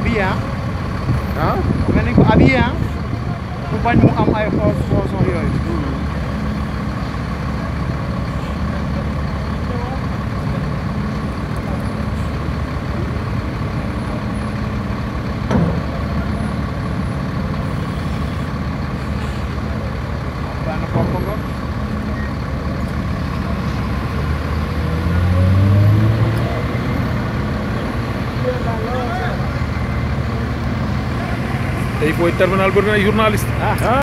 habillé ah mu mel ni ko habillé bu bañ mu am ay xoos и будет терминал журналист.